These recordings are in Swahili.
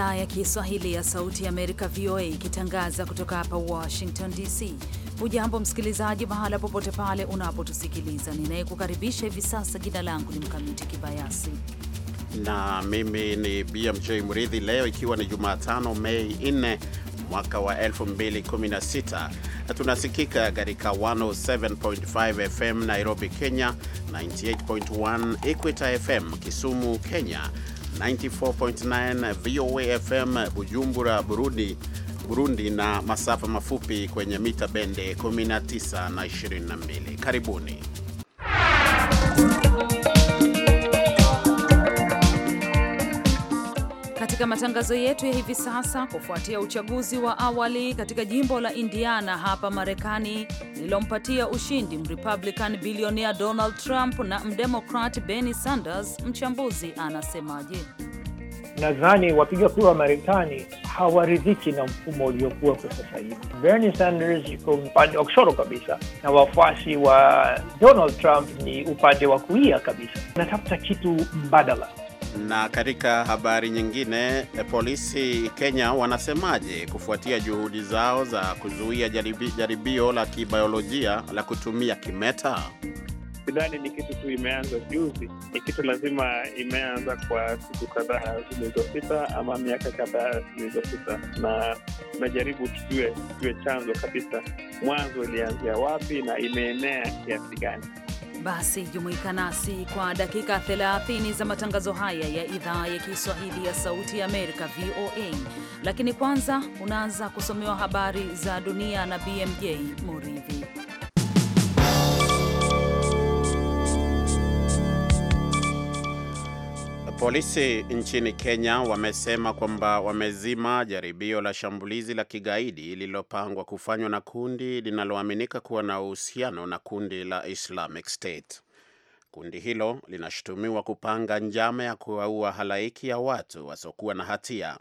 idhaa ya Kiswahili ya Sauti ya Amerika, VOA, ikitangaza kutoka hapa Washington DC. Ujambo msikilizaji, mahala popote pale unapotusikiliza. Ninayekukaribisha hivi sasa, jina langu ni Mkamiti Kibayasi na mimi ni BMJ Mridhi. Leo ikiwa ni Jumatano, Mei 4 mwaka wa 2016 tunasikika katika 107.5 FM Nairobi, Kenya, 98.1 Equita FM Kisumu, Kenya 94.9 VOA FM Bujumbura, Burundi, Burundi na masafa mafupi kwenye mita bende 19 na 22. Karibuni katika matangazo yetu ya hivi sasa, kufuatia uchaguzi wa awali katika jimbo la Indiana hapa Marekani lililompatia ushindi Mrepublican bilionea Donald Trump na Mdemokrat Bernie Sanders, mchambuzi anasemaje? Nadhani wapiga kura wa Marekani hawaridhiki na mfumo uliokuwa kwa sasa hivi. Bernie Sanders yuko upande wa kushoto kabisa na wafuasi wa Donald Trump ni upande wa kulia kabisa, anatafuta kitu mbadala na katika habari nyingine, polisi Kenya wanasemaje kufuatia juhudi zao za kuzuia jaribi, jaribio la kibiolojia la kutumia kimeta? Sidhani ni kitu tu imeanza juzi, ni kitu lazima imeanza kwa siku kadhaa zilizopita ama miaka kadhaa zilizopita, na tunajaribu tujue chanzo kabisa, mwanzo ilianzia wapi na imeenea kiasi gani. Basi jumuika nasi kwa dakika 30 za matangazo haya ya idhaa ya Kiswahili ya Sauti ya Amerika, VOA. Lakini kwanza unaanza kusomewa habari za dunia na BMJ Muridhi. Polisi nchini Kenya wamesema kwamba wamezima jaribio la shambulizi la kigaidi lililopangwa kufanywa na kundi linaloaminika kuwa na uhusiano na kundi la Islamic State. Kundi hilo linashutumiwa kupanga njama ya kuwaua halaiki ya watu wasiokuwa na hatia.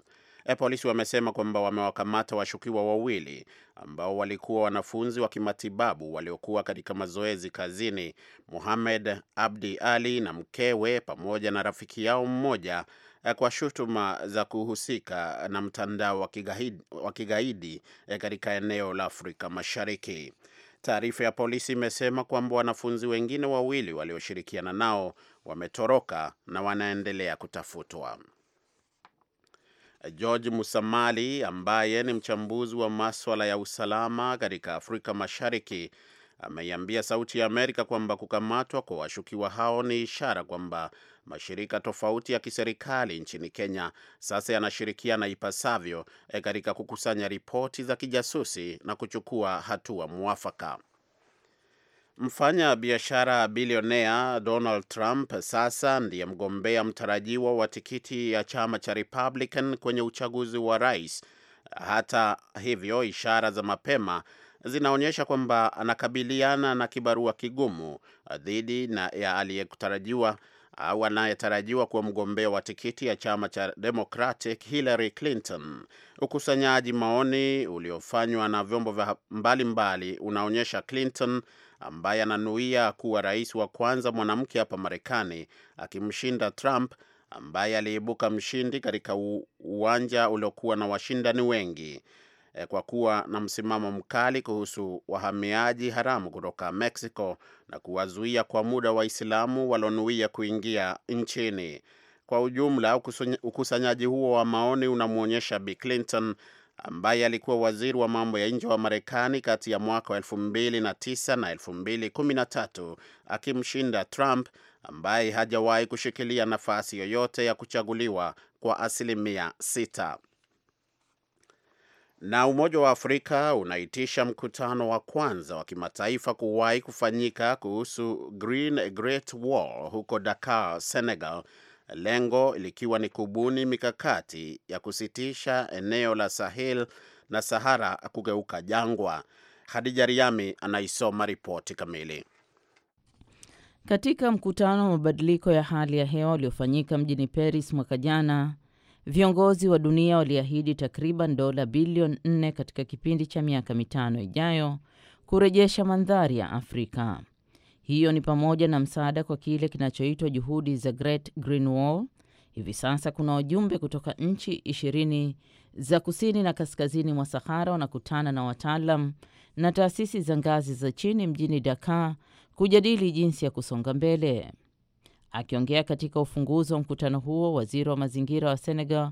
E, polisi wamesema kwamba wamewakamata washukiwa wawili ambao walikuwa wanafunzi wa kimatibabu waliokuwa katika mazoezi kazini, Muhamed Abdi Ali na mkewe pamoja na rafiki yao mmoja eh, kwa shutuma za kuhusika na mtandao wa kigaidi eh, katika eneo la Afrika Mashariki. Taarifa ya polisi imesema kwamba wanafunzi wengine wawili walioshirikiana nao wametoroka na wanaendelea kutafutwa. George Musamali ambaye ni mchambuzi wa maswala ya usalama katika Afrika Mashariki ameiambia Sauti ya Amerika kwamba kukamatwa kwa washukiwa hao ni ishara kwamba mashirika tofauti ya kiserikali nchini Kenya sasa yanashirikiana ipasavyo eh, katika kukusanya ripoti za kijasusi na kuchukua hatua mwafaka. Mfanya biashara bilionea Donald Trump sasa ndiye mgombea mtarajiwa wa tikiti ya chama cha Republican kwenye uchaguzi wa rais. Hata hivyo, ishara za mapema zinaonyesha kwamba anakabiliana na kibarua kigumu dhidi ya aliyekutarajiwa au anayetarajiwa kuwa mgombea wa tikiti ya chama cha Democratic Hillary Clinton. Ukusanyaji maoni uliofanywa na vyombo vya mbalimbali unaonyesha Clinton ambaye ananuia kuwa rais wa kwanza mwanamke hapa Marekani akimshinda Trump ambaye aliibuka mshindi katika uwanja uliokuwa na washindani wengi. Eh, kwa kuwa na msimamo mkali kuhusu wahamiaji haramu kutoka Mexico na kuwazuia kwa muda Waislamu walionuia kuingia nchini. Kwa ujumla, ukusanyaji huo wa maoni unamwonyesha Bi Clinton ambaye alikuwa waziri wa mambo ya nje wa Marekani kati ya mwaka wa 2009 na 2013 akimshinda Trump ambaye hajawahi kushikilia nafasi yoyote ya kuchaguliwa kwa asilimia sita. Na Umoja wa Afrika unaitisha mkutano wa kwanza wa kimataifa kuwahi kufanyika kuhusu Green Great Wall huko Dakar, Senegal, lengo likiwa ni kubuni mikakati ya kusitisha eneo la Sahel na Sahara kugeuka jangwa. Hadija Riami anaisoma ripoti kamili. Katika mkutano wa mabadiliko ya hali ya hewa uliofanyika mjini Paris mwaka jana, Viongozi wa dunia waliahidi takriban dola bilioni nne katika kipindi cha miaka mitano ijayo kurejesha mandhari ya Afrika. Hiyo ni pamoja na msaada kwa kile kinachoitwa juhudi za Great Green Wall. Hivi sasa kuna wajumbe kutoka nchi ishirini za kusini na kaskazini mwa Sahara wanakutana na wataalam na taasisi za ngazi za chini mjini Dakar kujadili jinsi ya kusonga mbele. Akiongea katika ufunguzi wa mkutano huo, waziri wa mazingira wa Senegal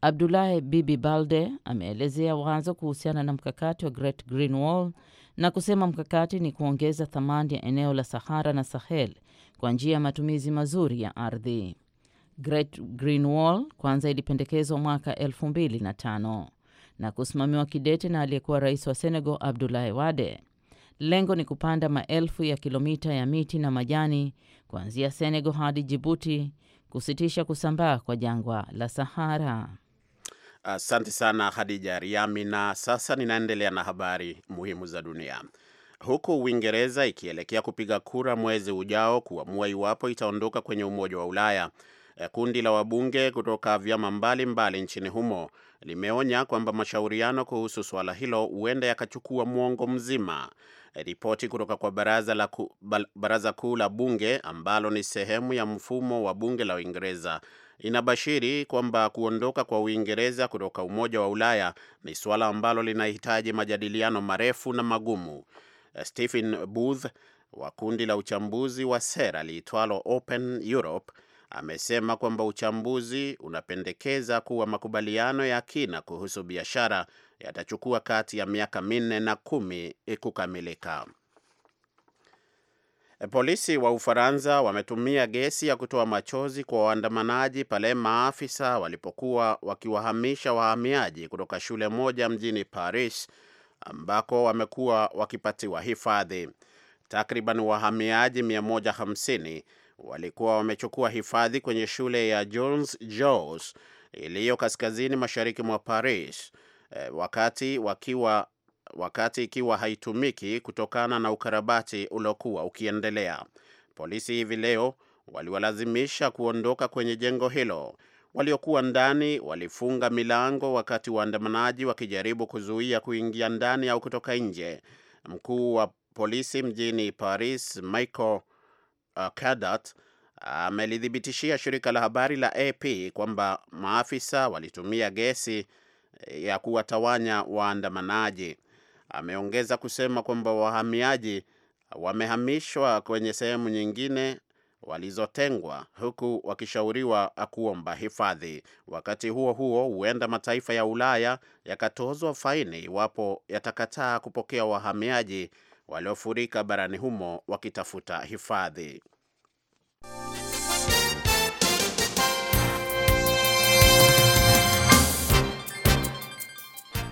Abdoulaye Bibi Balde ameelezea wazo kuhusiana na mkakati wa Great Green Wall na kusema mkakati ni kuongeza thamani ya eneo la Sahara na Sahel kwa njia ya matumizi mazuri ya ardhi. Great Green Wall kwanza ilipendekezwa mwaka 2005 na kusimamiwa kidete na aliyekuwa rais wa Senegal Abdoulaye Wade. Lengo ni kupanda maelfu ya kilomita ya miti na majani kuanzia Senegal hadi Jibuti, kusitisha kusambaa kwa jangwa la Sahara. Asante sana Hadija Riami. Na sasa ninaendelea na habari muhimu za dunia. Huku Uingereza ikielekea kupiga kura mwezi ujao kuamua iwapo itaondoka kwenye Umoja wa Ulaya, eh, kundi la wabunge kutoka vyama mbalimbali nchini humo limeonya kwamba mashauriano kuhusu suala hilo huenda yakachukua mwongo mzima. Ripoti kutoka kwa baraza la ku, baraza kuu la bunge ambalo ni sehemu ya mfumo wa bunge la Uingereza inabashiri kwamba kuondoka kwa Uingereza kutoka Umoja wa Ulaya ni suala ambalo linahitaji majadiliano marefu na magumu. Stephen Booth wa kundi la uchambuzi wa sera liitwalo Open Europe amesema kwamba uchambuzi unapendekeza kuwa makubaliano ya kina kuhusu biashara yatachukua kati ya miaka minne na kumi kukamilika. Polisi wa Ufaransa wametumia gesi ya kutoa machozi kwa waandamanaji pale maafisa walipokuwa wakiwahamisha wahamiaji kutoka shule moja mjini Paris ambako wamekuwa wakipatiwa hifadhi. Takriban wahamiaji 150 walikuwa wamechukua hifadhi kwenye shule ya Jones Jos iliyo kaskazini mashariki mwa Paris eh, wakati wakiwa wakati ikiwa haitumiki kutokana na ukarabati uliokuwa ukiendelea. Polisi hivi leo waliwalazimisha kuondoka kwenye jengo hilo. Waliokuwa ndani walifunga milango wakati waandamanaji wakijaribu kuzuia kuingia ndani au kutoka nje. Mkuu wa polisi mjini Paris Michael Uh, Kadat amelithibitishia shirika la habari la AP kwamba maafisa walitumia gesi eh, ya kuwatawanya waandamanaji. Ameongeza kusema kwamba wahamiaji wamehamishwa kwenye sehemu nyingine walizotengwa huku wakishauriwa kuomba hifadhi. Wakati huo huo, huenda mataifa ya Ulaya yakatozwa faini iwapo yatakataa kupokea wahamiaji waliofurika barani humo wakitafuta hifadhi.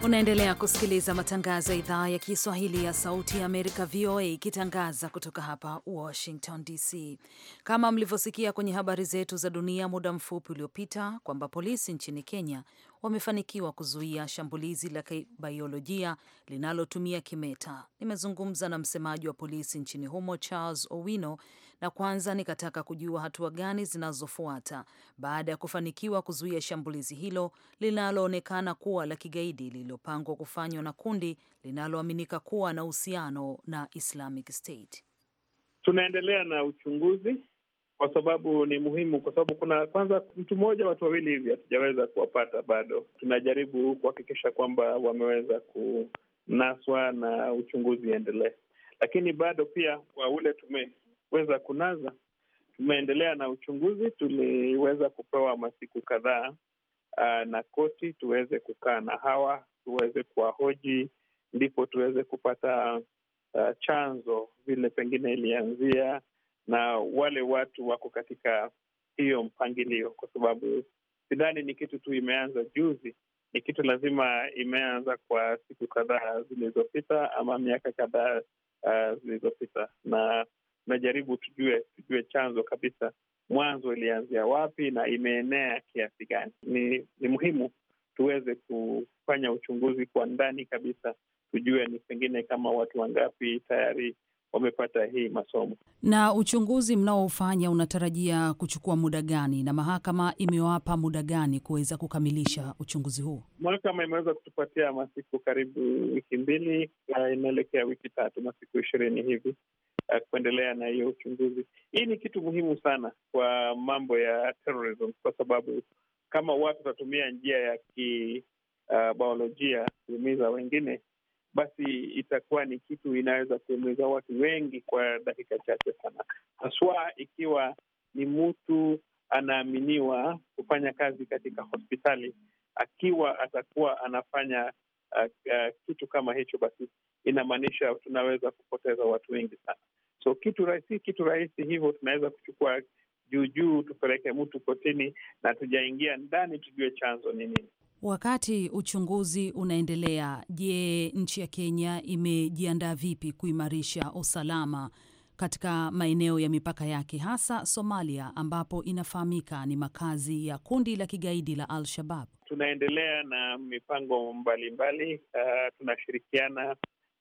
Unaendelea kusikiliza matangazo ya idhaa ya Kiswahili ya Sauti ya Amerika, VOA, ikitangaza kutoka hapa Washington DC. Kama mlivyosikia kwenye habari zetu za dunia muda mfupi uliopita, kwamba polisi nchini Kenya wamefanikiwa kuzuia shambulizi la kibaiolojia linalotumia kimeta. Nimezungumza na msemaji wa polisi nchini humo Charles Owino, na kwanza nikataka kujua hatua gani zinazofuata baada ya kufanikiwa kuzuia shambulizi hilo linaloonekana kuwa la kigaidi lililopangwa kufanywa na kundi linaloaminika kuwa na uhusiano na Islamic State. Tunaendelea na uchunguzi kwa sababu ni muhimu, kwa sababu kuna kwanza, mtu mmoja, watu wawili hivi hatujaweza kuwapata bado. Tunajaribu kuhakikisha kwamba wameweza kunaswa na uchunguzi endelee, lakini bado pia kwa ule tumeweza kunaza, tumeendelea na uchunguzi. Tuliweza kupewa masiku kadhaa na koti tuweze kukaa na hawa tuweze kuwahoji, ndipo tuweze kupata uh, chanzo vile pengine ilianzia na wale watu wako katika hiyo mpangilio, kwa sababu sidhani ni kitu tu imeanza juzi, ni kitu lazima imeanza kwa siku kadhaa zilizopita ama miaka kadhaa uh, zilizopita, na najaribu tujue tujue chanzo kabisa, mwanzo ilianzia wapi na imeenea kiasi gani. Ni, ni muhimu tuweze kufanya uchunguzi kwa ndani kabisa, tujue ni pengine kama watu wangapi tayari wamepata hii masomo. Na uchunguzi mnaofanya unatarajia kuchukua muda gani, na mahakama imewapa muda gani kuweza kukamilisha uchunguzi huu? Mahakama imeweza kutupatia masiku karibu wiki mbili, inaelekea wiki tatu, masiku ishirini hivi eh, kuendelea na hiyo uchunguzi. Hii ni kitu muhimu sana kwa mambo ya terrorism, kwa sababu kama watu watatumia njia ya kibiolojia eh, uh, kuumiza wengine basi itakuwa ni kitu inaweza kuumiza watu wengi kwa dakika chache sana, haswa ikiwa ni mtu anaaminiwa kufanya kazi katika hospitali. Akiwa atakuwa anafanya uh, uh, kitu kama hicho, basi inamaanisha tunaweza kupoteza watu wengi sana. So kitu rahisi, kitu rahisi hivyo tunaweza kuchukua juujuu, tupeleke mtu kotini na tujaingia ndani, tujue chanzo ni nini. Wakati uchunguzi unaendelea, je, nchi ya Kenya imejiandaa vipi kuimarisha usalama katika maeneo ya mipaka yake hasa Somalia ambapo inafahamika ni makazi ya kundi la kigaidi la Al-Shabab? Tunaendelea na mipango mbalimbali mbali. Uh, tunashirikiana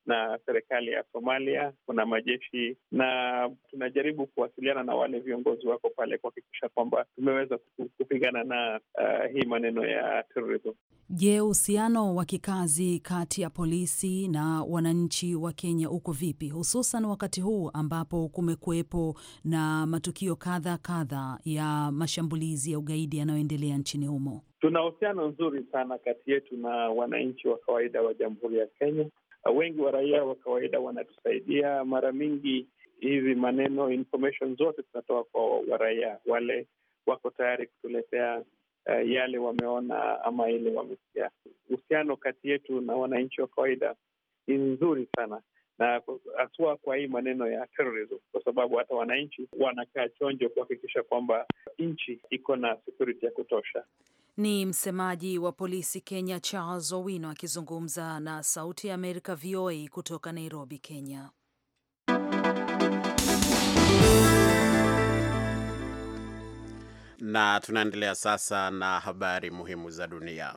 na serikali ya Somalia, kuna majeshi, na tunajaribu kuwasiliana na wale viongozi wako pale kuhakikisha kwamba tumeweza kupigana na uh, hii maneno ya terrorism. Je, uhusiano wa kikazi kati ya polisi na wananchi wa Kenya uko vipi, hususan wakati huu ambapo kumekuwepo na matukio kadha kadha ya mashambulizi ya ugaidi yanayoendelea nchini humo? Tuna uhusiano nzuri sana kati yetu na wananchi wa kawaida wa Jamhuri ya Kenya wengi wa raia wa kawaida wanatusaidia. Mara mingi hizi maneno information zote tunatoa kwa waraia wale wako tayari kutuletea uh, yale wameona ama ile wamesikia. Uhusiano kati yetu na wananchi wa kawaida ni nzuri sana, na haswa kwa hii maneno ya terrorism, kwa sababu hata wananchi wanakaa chonjo kuhakikisha kwamba nchi iko na security ya kutosha. Ni msemaji wa polisi Kenya Charles Owino akizungumza na Sauti ya Amerika VOA kutoka Nairobi, Kenya. Na tunaendelea sasa na habari muhimu za dunia.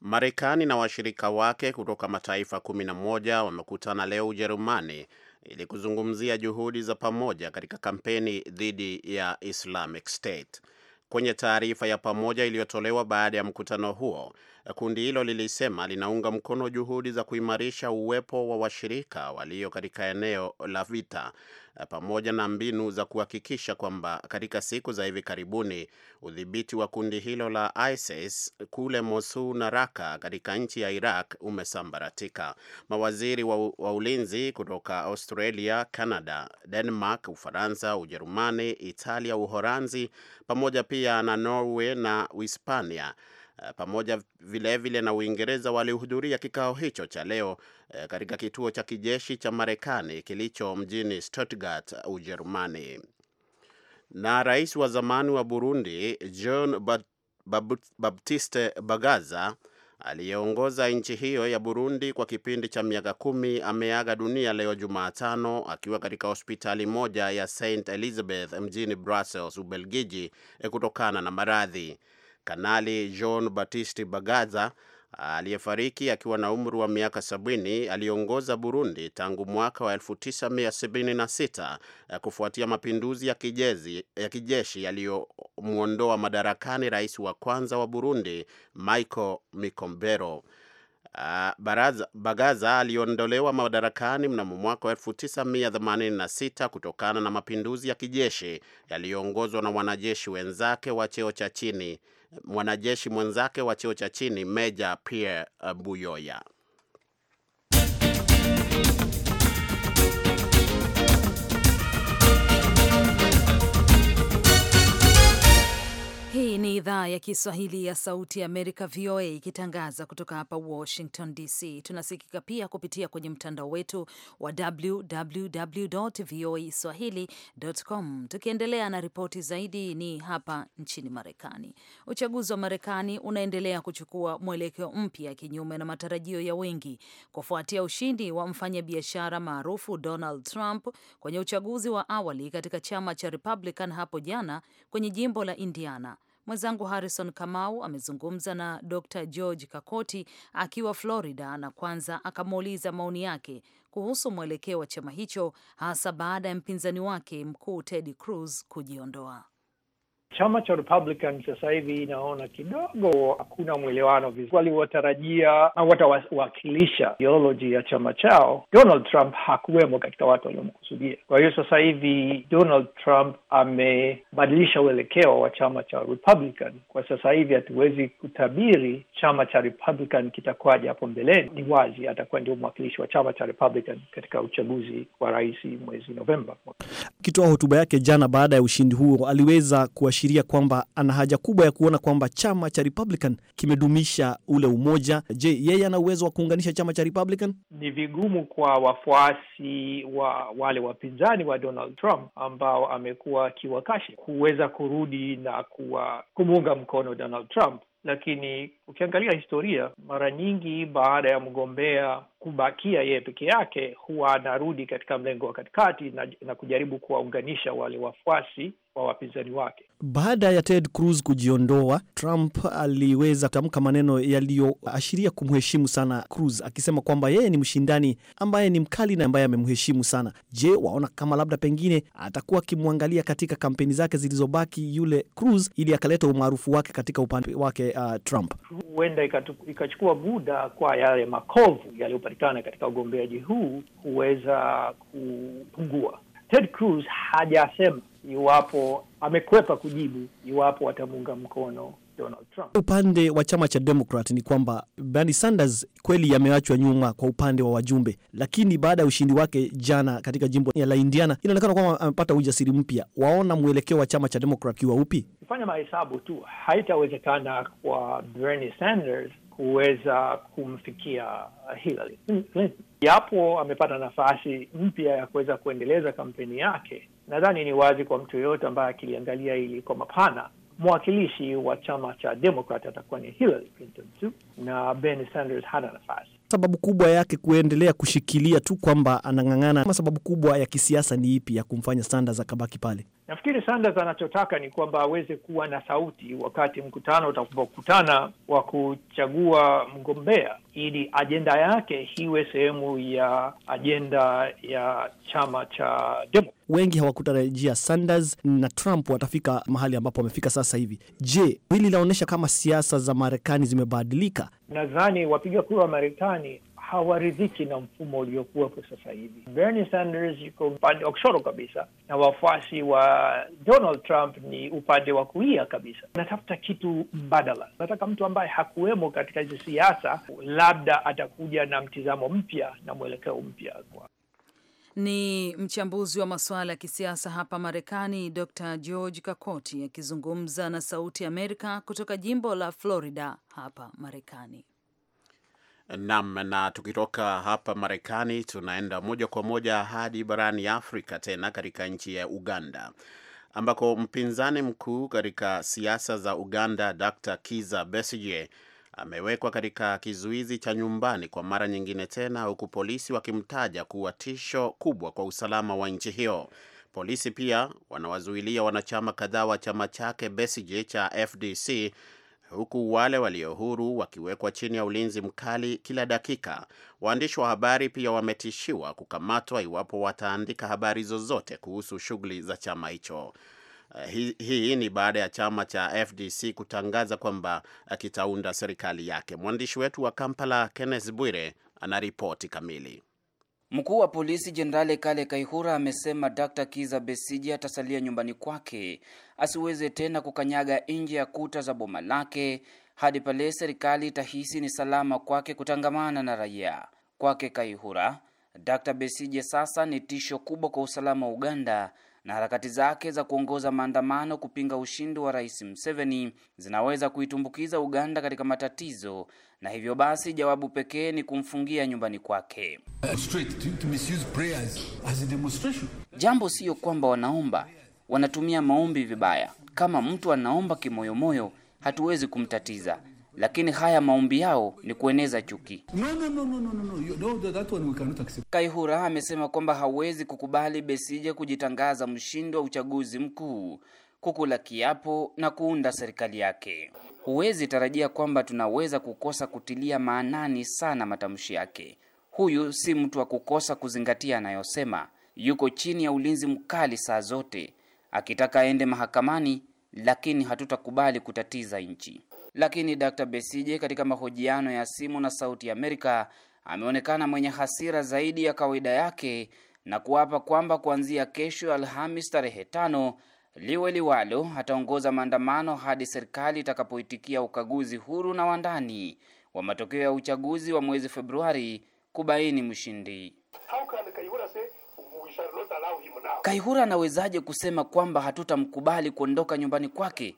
Marekani na washirika wake kutoka mataifa 11 wamekutana leo Ujerumani ili kuzungumzia juhudi za pamoja katika kampeni dhidi ya Islamic State kwenye taarifa ya pamoja iliyotolewa baada ya mkutano huo Kundi hilo lilisema linaunga mkono juhudi za kuimarisha uwepo wa washirika walio katika eneo la vita pamoja na mbinu za kuhakikisha kwamba katika siku za hivi karibuni udhibiti wa kundi hilo la ISIS kule Mosul na Raka katika nchi ya Iraq umesambaratika. Mawaziri wa, wa ulinzi kutoka Australia, Canada, Denmark, Ufaransa, Ujerumani, Italia, Uholanzi pamoja pia na Norway na Uhispania Eh, pamoja vilevile vile na Uingereza walihudhuria kikao hicho cha leo eh, katika kituo cha kijeshi cha Marekani kilicho mjini Stuttgart, Ujerumani. Na rais wa zamani wa Burundi John Baptiste Bagaza aliyeongoza nchi hiyo ya Burundi kwa kipindi cha miaka kumi ameaga dunia leo Jumatano akiwa katika hospitali moja ya St Elizabeth mjini Brussels, Ubelgiji, eh, kutokana na maradhi. Kanali John Baptiste Bagaza aliyefariki akiwa na umri wa miaka sabini aliongoza Burundi tangu mwaka wa 1976 eh, kufuatia mapinduzi ya, kijezi, ya kijeshi yaliyomwondoa madarakani rais wa kwanza wa Burundi Michael Mikombero. Ah, Baraza, Bagaza aliondolewa madarakani mnamo mwaka wa 1986 kutokana na mapinduzi ya kijeshi yaliyoongozwa na wanajeshi wenzake wa cheo cha chini mwanajeshi mwenzake wa cheo cha chini Meja Pierre Buyoya. idhaa ya Kiswahili ya Sauti ya Amerika, VOA, ikitangaza kutoka hapa Washington DC. Tunasikika pia kupitia kwenye mtandao wetu wa www voa swahili.com. Tukiendelea na ripoti zaidi, ni hapa nchini Marekani. Uchaguzi wa Marekani unaendelea kuchukua mwelekeo mpya, kinyume na matarajio ya wengi, kufuatia ushindi wa mfanyabiashara maarufu Donald Trump kwenye uchaguzi wa awali katika chama cha Republican hapo jana kwenye jimbo la Indiana. Mwenzangu Harrison Kamau amezungumza na Dr. George Kakoti akiwa Florida, na kwanza akamuuliza maoni yake kuhusu mwelekeo wa chama hicho hasa baada ya mpinzani wake mkuu Ted Cruz kujiondoa. Chama cha Republican sasa hivi kidogo hakuna mwelewano vizuri. Waliwatarajia watawakilisha ideology ya chama chao, Donald Trump hakuwemo katika watu waliomkusudia. Kwa hiyo sasa hivi Donald Trump amebadilisha uelekeo wa chama cha Republican. Kwa sasa hivi hatuwezi kutabiri chama cha Republican kitakuwaje hapo mbeleni. Ni wazi atakuwa ndio mwakilishi wa chama cha Republican katika uchaguzi wa rais mwezi Novemba. Akitoa hotuba yake jana baada ya ushindi huo aliweza kuwa kuashiria kwamba ana haja kubwa ya kuona kwamba chama cha Republican kimedumisha ule umoja. Je, yeye ana uwezo wa kuunganisha chama cha Republican? Ni vigumu kwa wafuasi wa wale wapinzani wa Donald Trump ambao amekuwa akiwakashi kuweza kurudi na kuwa kumuunga mkono Donald Trump lakini ukiangalia historia, mara nyingi baada ya mgombea kubakia yeye peke yake, huwa anarudi katika mlengo wa katikati na, na kujaribu kuwaunganisha wale wafuasi kwa wapinzani wake. Baada ya Ted Cruz kujiondoa, Trump aliweza kutamka maneno yaliyoashiria kumheshimu sana Cruz, akisema kwamba yeye ni mshindani ambaye ni mkali na ambaye amemheshimu sana. Je, waona kama labda pengine atakuwa akimwangalia katika kampeni zake zilizobaki yule Cruz ili akaleta umaarufu wake katika upande wake uh, Trump? Huenda ikachukua muda kwa yale makovu yaliyopatikana katika ugombeaji huu huweza kupungua. Ted Cruz hajasema iwapo amekwepa kujibu iwapo watamuunga mkono Donald Trump. Upande wa chama cha Demokrat ni kwamba Bernie Sanders kweli ameachwa nyuma kwa upande wa wajumbe, lakini baada ya ushindi wake jana katika jimbo la Indiana inaonekana kwamba amepata ujasiri mpya. Waona mwelekeo wa chama cha Demokrat kiwa upi? Kufanya mahesabu tu, haitawezekana kwa Bernie Sanders kuweza kumfikia Hillary Clinton. Japo amepata nafasi mpya ya kuweza kuendeleza kampeni yake, nadhani ni wazi kwa mtu yoyote ambaye akiliangalia hili kwa mapana, mwakilishi wa chama cha Demokrat atakuwa ni Hillary Clinton tu, na Bernie Sanders hana nafasi. Sababu kubwa yake kuendelea kushikilia tu kwamba anang'ang'ana, sababu kubwa ya kisiasa ni ipi ya kumfanya Sanders akabaki pale? Nafikiri Sanders anachotaka ni kwamba aweze kuwa na sauti wakati mkutano utakapokutana wa kuchagua mgombea, ili ajenda yake iwe sehemu ya ajenda ya chama cha Demo. Wengi hawakutarajia Sanders na Trump watafika mahali ambapo wamefika sasa hivi. Je, hili linaonyesha kama siasa za Marekani zimebadilika? Nadhani wapiga kura wa Marekani hawaridhiki na mfumo uliokuwepo sasa hivi. Bernie Sanders yuko upande wa kushoto kabisa na wafuasi wa Donald Trump ni upande wa kulia kabisa. anatafuta kitu mbadala, nataka mtu ambaye hakuwemo katika hizi siasa, labda atakuja na mtizamo mpya na mwelekeo mpya. Ni mchambuzi wa masuala ya kisiasa hapa Marekani, Dr George Kakoti akizungumza na Sauti Amerika kutoka jimbo la Florida hapa Marekani nam na tukitoka hapa Marekani tunaenda moja kwa moja hadi barani Afrika, tena katika nchi ya Uganda ambako mpinzani mkuu katika siasa za Uganda Dr. Kiza Besigye amewekwa katika kizuizi cha nyumbani kwa mara nyingine tena, huku polisi wakimtaja kuwa tisho kubwa kwa usalama wa nchi hiyo. Polisi pia wanawazuilia wanachama kadhaa wa chama chake Besigye cha FDC huku wale walio huru wakiwekwa chini ya ulinzi mkali kila dakika. Waandishi wa habari pia wametishiwa kukamatwa iwapo wataandika habari zozote kuhusu shughuli za chama hicho. Uh, hii hi ni baada ya chama cha FDC kutangaza kwamba eh, kitaunda serikali yake. Mwandishi wetu wa Kampala Kenneth Bwire anaripoti kamili. Mkuu wa polisi Jenerali Kale Kaihura amesema Dr. Kiza Besije atasalia nyumbani kwake asiweze tena kukanyaga nje ya kuta za boma lake hadi pale serikali itahisi ni salama kwake kutangamana na raia. Kwake Kaihura, Dr. Besije sasa ni tisho kubwa kwa usalama wa Uganda na harakati zake za kuongoza maandamano kupinga ushindi wa Rais Museveni zinaweza kuitumbukiza Uganda katika matatizo, na hivyo basi jawabu pekee ni kumfungia nyumbani kwake. Uh, Jambo siyo kwamba wanaomba, wanatumia maombi vibaya. Kama mtu anaomba kimoyomoyo, hatuwezi kumtatiza lakini haya maombi yao ni kueneza chuki. No, no, no, no, no, no. Kaihura amesema kwamba hawezi kukubali Besije kujitangaza mshindi wa uchaguzi mkuu, kukula kiapo na kuunda serikali yake. Huwezi tarajia kwamba tunaweza kukosa kutilia maanani sana matamshi yake. Huyu si mtu wa kukosa kuzingatia anayosema. Yuko chini ya ulinzi mkali saa zote, akitaka aende mahakamani, lakini hatutakubali kutatiza nchi. Lakini Dr. Besije katika mahojiano ya simu na Sauti ya Amerika ameonekana mwenye hasira zaidi ya kawaida yake na kuapa kwamba kuanzia kesho Alhamis tarehe tano liwe liwalo ataongoza maandamano hadi serikali itakapoitikia ukaguzi huru na wandani wa matokeo ya uchaguzi wa mwezi Februari kubaini mshindi. Kaihura anawezaje kusema kwamba hatutamkubali kuondoka nyumbani kwake?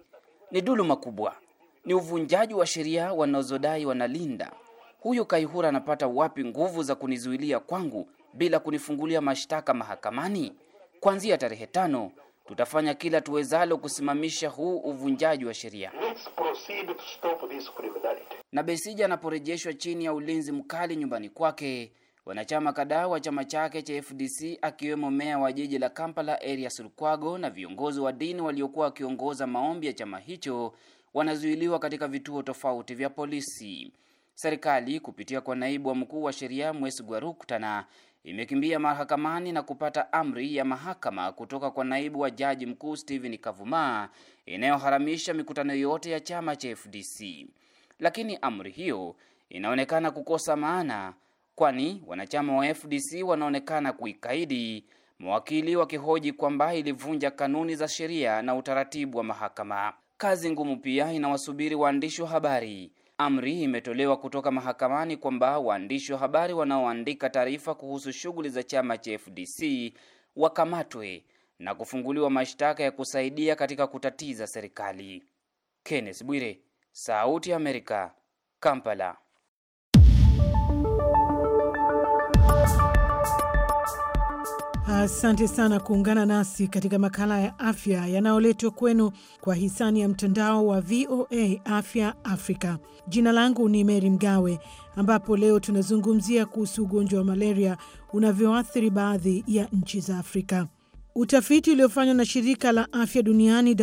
Ni dhuluma kubwa ni uvunjaji wa sheria wanazodai wanalinda. Huyu Kaihura anapata wapi nguvu za kunizuilia kwangu bila kunifungulia mashtaka mahakamani? Kuanzia tarehe tano tutafanya kila tuwezalo kusimamisha huu uvunjaji wa sheria. Na Besija anaporejeshwa chini ya ulinzi mkali nyumbani kwake, wanachama kadhaa wa chama chake cha FDC akiwemo meya wa jiji la Kampala Erias Lukwago na viongozi wa dini waliokuwa wakiongoza maombi ya chama hicho wanazuiliwa katika vituo tofauti vya polisi. Serikali kupitia kwa naibu wa mkuu wa sheria Mwesi Gwarukutana imekimbia mahakamani na kupata amri ya mahakama kutoka kwa naibu wa jaji mkuu Steven Kavuma inayoharamisha mikutano yote ya chama cha FDC. Lakini amri hiyo inaonekana kukosa maana, kwani wanachama wa FDC wanaonekana kuikaidi, mawakili wakihoji kwamba ilivunja kanuni za sheria na utaratibu wa mahakama. Kazi ngumu pia inawasubiri waandishi wa habari. Amri imetolewa kutoka mahakamani kwamba waandishi wa habari wanaoandika taarifa kuhusu shughuli za chama cha FDC wakamatwe na kufunguliwa mashtaka ya kusaidia katika kutatiza serikali. Kenneth Bwire, Sauti ya Amerika, Kampala. Asante sana kuungana nasi katika makala ya afya yanayoletwa kwenu kwa hisani ya mtandao wa VOA Afya Afrika. Jina langu ni Meri Mgawe, ambapo leo tunazungumzia kuhusu ugonjwa wa malaria unavyoathiri baadhi ya nchi za Afrika. Utafiti uliofanywa na shirika la afya duniani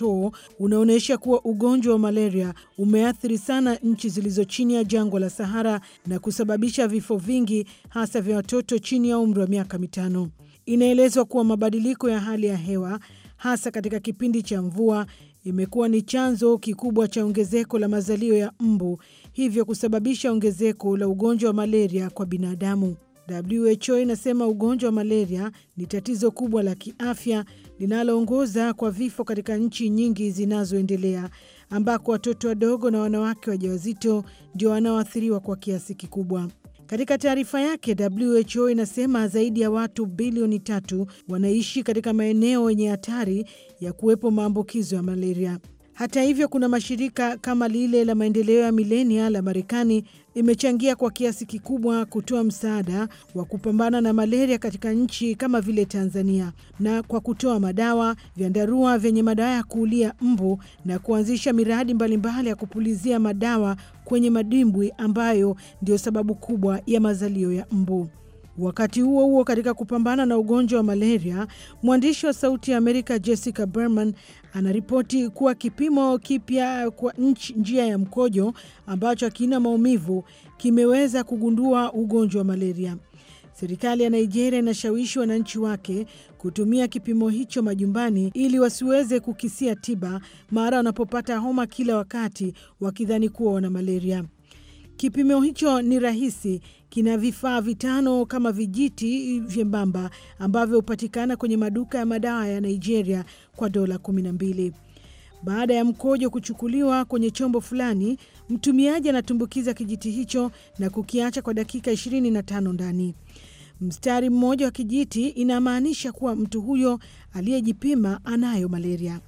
WHO unaonyesha kuwa ugonjwa wa malaria umeathiri sana nchi zilizo chini ya jangwa la Sahara na kusababisha vifo vingi hasa vya watoto chini ya umri wa miaka mitano. Inaelezwa kuwa mabadiliko ya hali ya hewa hasa katika kipindi cha mvua imekuwa ni chanzo kikubwa cha ongezeko la mazalio ya mbu, hivyo kusababisha ongezeko la ugonjwa wa malaria kwa binadamu. WHO inasema ugonjwa wa malaria ni tatizo kubwa la kiafya linaloongoza kwa vifo katika nchi nyingi zinazoendelea ambako watoto wadogo na wanawake wajawazito ndio wanaoathiriwa kwa kiasi kikubwa. Katika taarifa yake, WHO inasema zaidi ya watu bilioni tatu wanaishi katika maeneo yenye hatari ya kuwepo maambukizo ya malaria. Hata hivyo, kuna mashirika kama lile la maendeleo ya milenia la Marekani limechangia kwa kiasi kikubwa kutoa msaada wa kupambana na malaria katika nchi kama vile Tanzania, na kwa kutoa madawa, vyandarua vyenye madawa ya kuulia mbu na kuanzisha miradi mbalimbali ya kupulizia madawa kwenye madimbwi ambayo ndiyo sababu kubwa ya mazalio ya mbu. Wakati huo huo, katika kupambana na ugonjwa wa malaria, mwandishi wa Sauti ya Amerika Jessica Berman anaripoti kuwa kipimo kipya kwa nchi njia ya mkojo ambacho hakina maumivu kimeweza kugundua ugonjwa wa malaria. Serikali ya Nigeria inashawishi wananchi wake kutumia kipimo hicho majumbani ili wasiweze kukisia tiba mara wanapopata homa kila wakati wakidhani kuwa wana malaria. Kipimo hicho ni rahisi, Kina vifaa vitano kama vijiti vyembamba ambavyo hupatikana kwenye maduka ya madawa ya Nigeria kwa dola mbili Baada ya mkojo kuchukuliwa kwenye chombo fulani, mtumiaji anatumbukiza kijiti hicho na kukiacha kwa dakika 25 ndani. Mstari mmoja wa kijiti inamaanisha kuwa mtu huyo aliyejipima anayo malaria.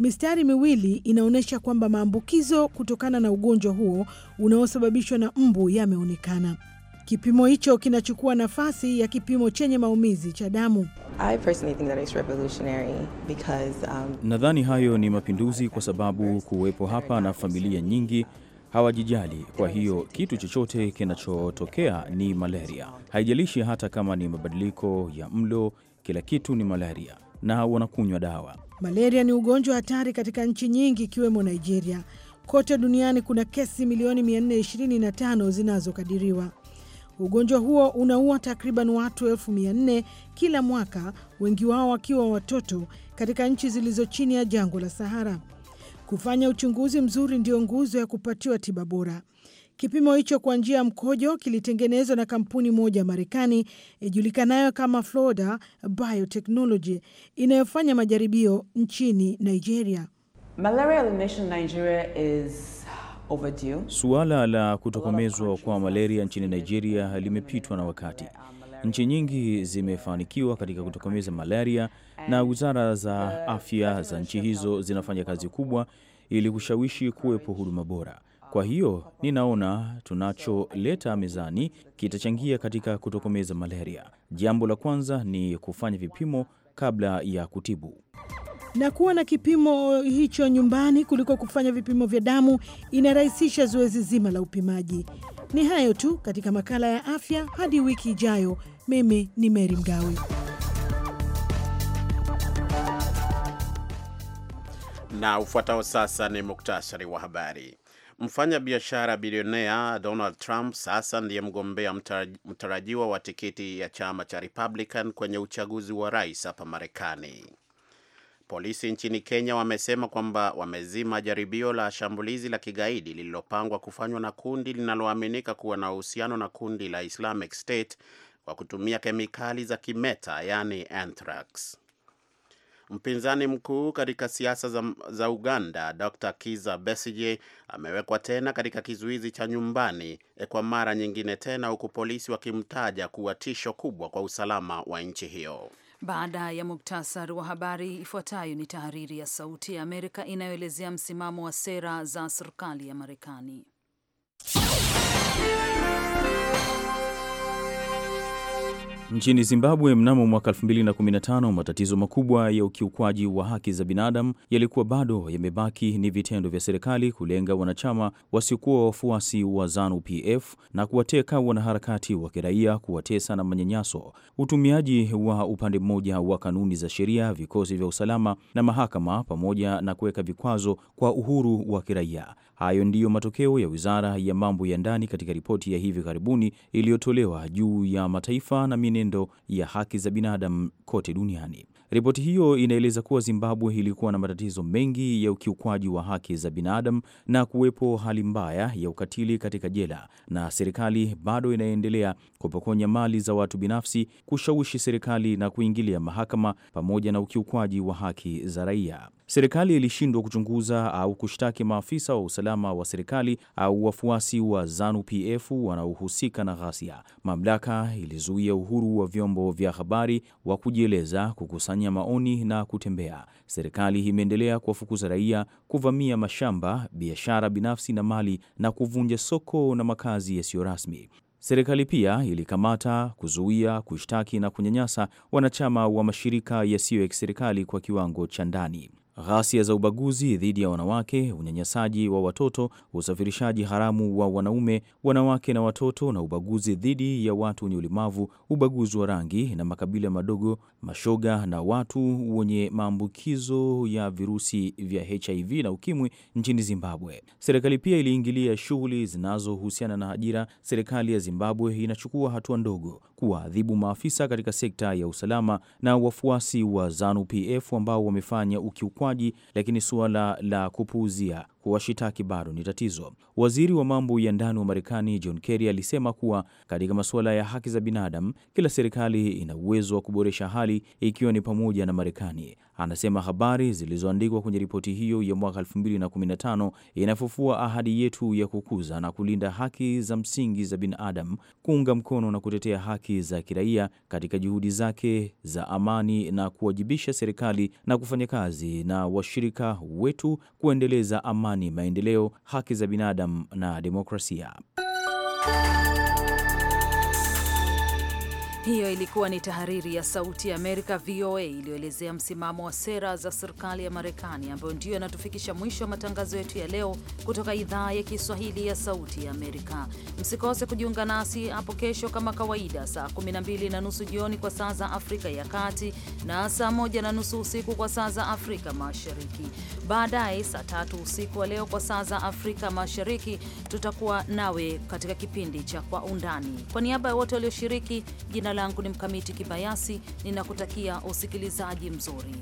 Mistari miwili inaonyesha kwamba maambukizo kutokana na ugonjwa huo unaosababishwa na mbu yameonekana. Kipimo hicho kinachukua nafasi ya kipimo chenye maumizi cha damu. Um... nadhani hayo ni mapinduzi kwa sababu kuwepo hapa na familia nyingi hawajijali. Kwa hiyo kitu chochote kinachotokea ni malaria, haijalishi hata kama ni mabadiliko ya mlo, kila kitu ni malaria na wanakunywa dawa. Malaria ni ugonjwa hatari katika nchi nyingi ikiwemo Nigeria. Kote duniani kuna kesi milioni 425 zinazokadiriwa. Ugonjwa huo unaua takriban watu elfu mia nne kila mwaka, wengi wao wakiwa watoto katika nchi zilizo chini ya jangwa la Sahara. Kufanya uchunguzi mzuri ndio nguzo ya kupatiwa tiba bora. Kipimo hicho kwa njia ya mkojo kilitengenezwa na kampuni moja Marekani ijulikanayo kama Florida Biotechnology inayofanya majaribio nchini Nigeria. Malaria elimination Nigeria is Suala la kutokomezwa kwa malaria nchini Nigeria limepitwa na wakati. Nchi nyingi zimefanikiwa katika kutokomeza malaria na wizara za afya za nchi hizo zinafanya kazi kubwa ili kushawishi kuwepo huduma bora. Uh, kwa hiyo ninaona tunacholeta mezani kitachangia katika kutokomeza malaria. Jambo la kwanza ni kufanya vipimo kabla ya kutibu na kuwa na kipimo hicho nyumbani kuliko kufanya vipimo vya damu inarahisisha zoezi zima la upimaji. Ni hayo tu katika makala ya afya, hadi wiki ijayo. Mimi ni Meri Mgawe. Na ufuatao sasa ni muktasari wa habari. Mfanya biashara bilionea Donald Trump sasa ndiye mgombea mtarajiwa wa tikiti ya chama cha Republican kwenye uchaguzi wa rais hapa Marekani. Polisi nchini Kenya wamesema kwamba wamezima jaribio la shambulizi la kigaidi lililopangwa kufanywa na kundi linaloaminika kuwa na uhusiano na kundi la Islamic State kwa kutumia kemikali za kimeta, yani anthrax. Mpinzani mkuu katika siasa za, za Uganda Dr. Kiza Besigye amewekwa tena katika kizuizi cha nyumbani eh, kwa mara nyingine tena, huku polisi wakimtaja kuwa tisho kubwa kwa usalama wa nchi hiyo. Baada ya muktasar wa habari, ifuatayo ni tahariri ya Sauti ya Amerika inayoelezea msimamo wa sera za serikali ya Marekani. Nchini Zimbabwe mnamo mwaka 2015 matatizo makubwa ya ukiukwaji wa haki za binadamu yalikuwa bado yamebaki ni vitendo vya serikali kulenga wanachama wasiokuwa wafuasi wa ZANU PF na kuwateka wanaharakati wa kiraia, kuwatesa na manyanyaso, utumiaji wa upande mmoja wa kanuni za sheria, vikosi vya usalama na mahakama, pamoja na kuweka vikwazo kwa uhuru wa kiraia. Hayo ndiyo matokeo ya Wizara ya Mambo ya Ndani katika ripoti ya hivi karibuni iliyotolewa juu ya mataifa na mienendo ya haki za binadamu kote duniani. Ripoti hiyo inaeleza kuwa Zimbabwe ilikuwa na matatizo mengi ya ukiukwaji wa haki za binadamu na kuwepo hali mbaya ya ukatili katika jela, na serikali bado inaendelea kupokonya mali za watu binafsi, kushawishi serikali na kuingilia mahakama, pamoja na ukiukwaji wa haki za raia. Serikali ilishindwa kuchunguza au kushtaki maafisa wa usalama wa serikali au wafuasi wa ZANU PF wanaohusika na ghasia. Mamlaka ilizuia uhuru wa vyombo vya habari wa kujieleza, kukusanya maoni na kutembea. Serikali imeendelea kuwafukuza raia, kuvamia mashamba, biashara binafsi na mali na kuvunja soko na makazi yasiyo rasmi. Serikali pia ilikamata, kuzuia, kushtaki na kunyanyasa wanachama wa mashirika yasiyo ya kiserikali kwa kiwango cha ndani ghasia za ubaguzi dhidi ya wanawake, unyanyasaji wa watoto, usafirishaji haramu wa wanaume, wanawake na watoto, na ubaguzi dhidi ya watu wenye ulemavu, ubaguzi wa rangi na makabila madogo, mashoga na watu wenye maambukizo ya virusi vya HIV na ukimwi nchini Zimbabwe. Serikali pia iliingilia shughuli zinazohusiana na ajira. Serikali ya Zimbabwe inachukua hatua ndogo kuwaadhibu maafisa katika sekta ya usalama na wafuasi wa ZANU-PF ambao wamefanya ukiukwaji, lakini suala la kupuuzia kuwashitaki bado ni tatizo. Waziri wa mambo ya ndani wa Marekani John Kerry alisema kuwa katika masuala ya haki za binadamu, kila serikali ina uwezo wa kuboresha hali, ikiwa ni pamoja na Marekani. Anasema habari zilizoandikwa kwenye ripoti hiyo ya mwaka 2015 inafufua ahadi yetu ya kukuza na kulinda haki za msingi za binadamu, kuunga mkono na kutetea haki za kiraia katika juhudi zake za amani na kuwajibisha serikali na kufanya kazi na washirika wetu kuendeleza amani, maendeleo, haki za binadamu na demokrasia. Hiyo ilikuwa ni tahariri ya Sauti ya Amerika, VOA, iliyoelezea msimamo wa sera za serikali ya Marekani, ambayo ndiyo yanatufikisha mwisho wa matangazo yetu ya leo kutoka idhaa ya Kiswahili ya Sauti ya Amerika. Msikose kujiunga nasi hapo kesho kama kawaida, saa 12 na nusu jioni kwa saa za Afrika ya Kati na saa 1 na nusu usiku kwa saa za Afrika Mashariki. Baadaye saa tatu usiku wa leo kwa saa za Afrika Mashariki tutakuwa nawe katika kipindi cha Kwa Undani. Kwa niaba ya wote walioshiriki, jina langu ni Mkamiti Kibayasi, ninakutakia usikilizaji mzuri.